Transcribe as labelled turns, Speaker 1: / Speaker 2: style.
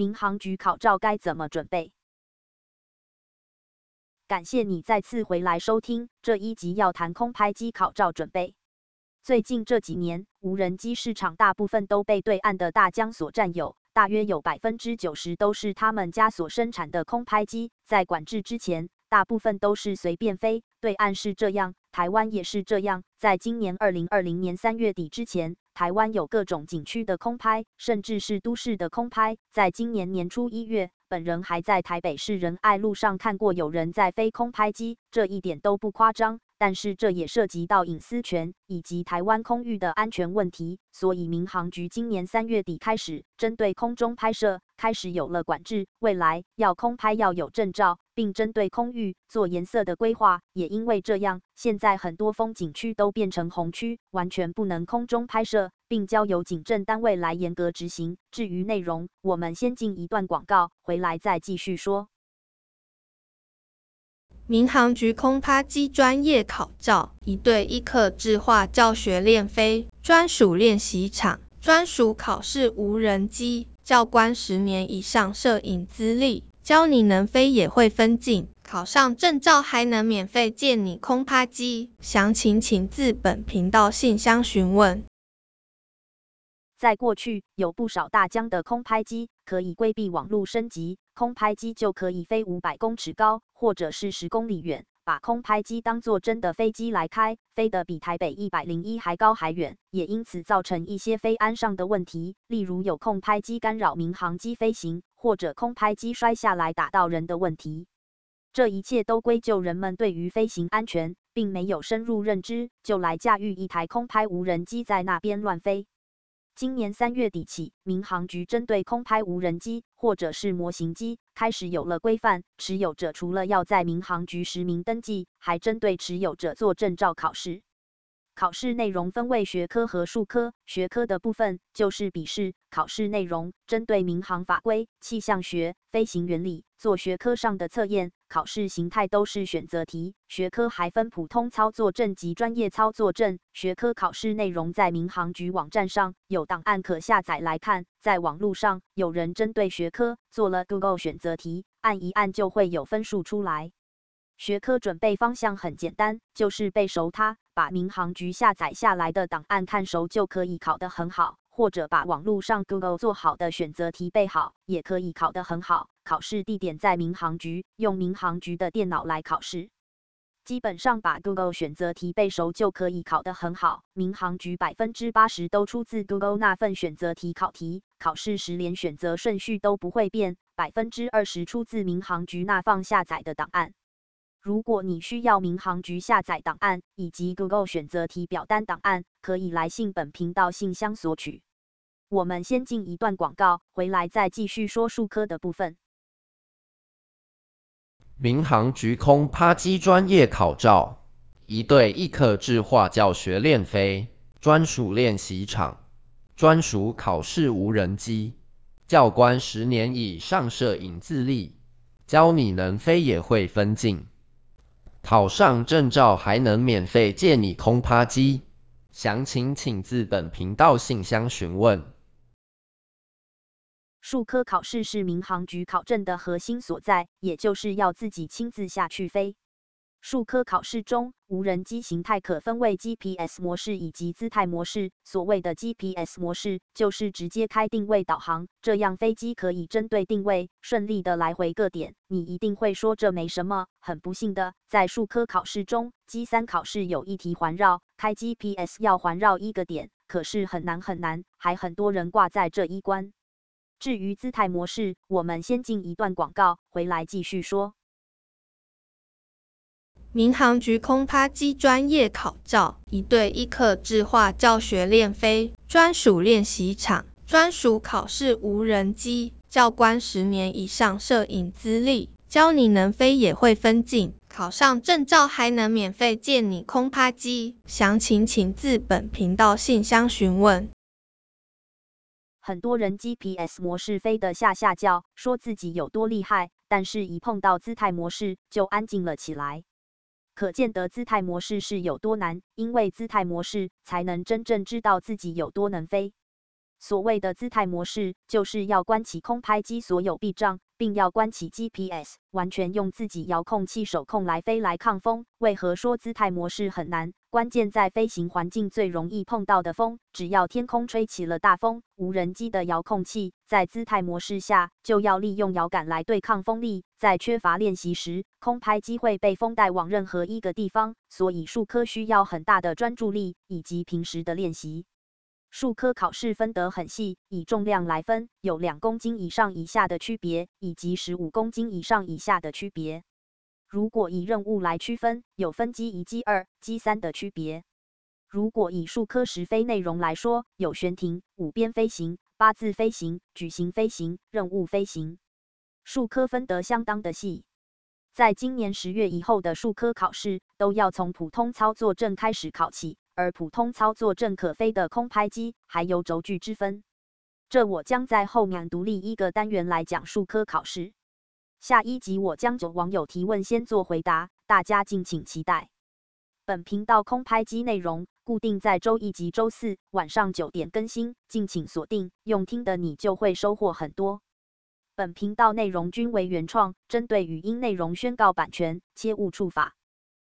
Speaker 1: 民航局考照該怎麼準備？感謝你再次回來收聽，這一集要談空拍機考照準備。最近這幾年，無人機市場大部分都被對岸的大疆所佔有，大約有百分之九十都是他們家所生產的空拍機。在管制之前，大部分都是隨便飛，對岸是這樣，台灣也是這樣。在今年二零二零年三月底之前。台灣有各種景區的空拍，甚至是都市的空拍。在今年年初一月，本人還在台北市仁愛路上看過有人在飛空拍機，這一點都不誇張。但是這也涉及到隱私權以及台灣空域的安全問題，所以民航局今年三月底開始針對空中拍攝開始有了管制，未來要空拍要有證照，並針對空域做顏色的規劃。也因為這樣，現在很多風景區都變成紅區，完全不能空中拍攝，並交由警政單位來嚴格執行。至於內容，我們先進一段廣告，回來再繼續說。民航
Speaker 2: 局空拍機專業考照，一對一客製化教學練飛，專屬練習場，專屬考試無人機，教官十年以上攝影資歷，教你能飛也會分鏡，考上證照還
Speaker 1: 能免費借你空拍機。
Speaker 2: 詳情請自本頻道信箱詢問。
Speaker 1: 在過去，有不少大疆的空拍機可以規避網絡升級。空拍機就可以飛五百公尺高，或者是十公里遠，把空拍機當作真的飛機來開，飛得比台北一百零一還高還遠，也因此造成一些飛安上的問題，例如有空拍機干擾民航機飛行，或者空拍機摔下來打到人的問題。這一切都歸咎人們對於飛行安全並沒有深入認知，就來駕馭一台空拍無人機在那邊亂飛。今年三月底起，民航局針對空拍無人機或者是模型機開始有了規範。持有者除了要在民航局實名登記，還針對持有者做證照考試。考試內容分為學科和術科。學科的部分就是筆試，考試內容針對民航法規、氣象學、飛行原理做學科上的測驗。考試形態都是選擇題，學科還分普通操作證及專業操作證。學科考試內容在民航局網站上有檔案可下載來看，在網路上有人針對學科做了 Google 選擇題，按一按就會有分數出來。學科準備方向很簡單，就是背熟它，把民航局下載下來的檔案看熟就可以考得很好。或者把網絡上 Google 做好的選擇題背好，也可以考得很好。考試地點在民航局，用民航局的電腦來考試。基本上把 Google 選擇題背熟就可以考得很好。民航局百分之八十都出自 Google 那份選擇題考題，考試時連選擇順序都不會變。百分之二十出自民航局那放下載的檔案。如果你需要民航局下載檔案以及 Google 選擇題表單檔案，可以來信本頻道信箱索取。我們先進一段廣告，回來再繼續說樹科的部分。
Speaker 2: 民航局空趴機專業考照，一對一課制化教學練飛，專屬練習場，專屬考試無人機，教官十年以上攝影資歷，教你能飛也會分鏡，考上證照還能免費借你空趴機，詳情請自本頻道信箱詢問。
Speaker 1: 術科考試是民航局考照的核心所在，也就是要自己親自下去飛。術科考試中，無人機形態可分為 GPS 模式以及姿態模式。所謂的 GPS 模式，就是直接開定位導航，這樣飛機可以針對定位順利的來回個點。你一定會說這沒什麼，很不幸的，在術科考試中，G3 考試有一題環繞，開 GPS 要環繞一個點，可是很難很難，還很多人掛在這一關。至於姿態模式，我們先進一段廣告，回來繼續說。
Speaker 2: 民航局空拍機專業考照，一對一客製化教學練飛，專屬練習場，專屬考試無人機，教官十年以上攝影資歷，教你能飛也會分鏡，考上證照還能免費借你空拍機。詳情請至本頻道信箱詢問。
Speaker 1: 很多人 GPS 模式飛得下下叫，說自己有多厲害，但是一碰到姿態模式就安靜了起來。可見的，姿態模式是有多難，因為姿態模式才能真正知道自己有多能飛。所謂的姿態模式，就是要關起空拍機所有避障，並要關起 GPS，完全用自己遙控器手控來飛來抗風。為何說姿態模式很難？關鍵在飛行環境最容易碰到的風，只要天空吹起了大風，無人機的遙控器在姿態模式下就要利用搖桿來對抗風力。在缺乏練習時，空拍機會被風帶往任何一個地方，所以術科需要很大的專注力以及平時的練習。術科考試分得很細，以重量來分，有兩公斤以上以下的區別，以及十五公斤以上以下的區別。如果以任務來區分，有分機一機二、二機、三的區別。如果以術科實飛內容來說，有懸停、五邊飛行、八字飛行、矩形飛行、任務飛行，術科分得相當的細。在今年十月以後的術科考試，都要從普通操作證開始考起，而普通操作證可飛的空拍機還有軸距之分。這我將在後面獨立一個單元來講術科考試。下一集我將就網友提問先做回答，大家敬請期待。本頻道空拍機內容固定在周一及周四晚上九點更新，敬請鎖定。用聽的你就會收穫很多。本頻道內容均為原創，針對語音內容宣告版權，切勿觸法。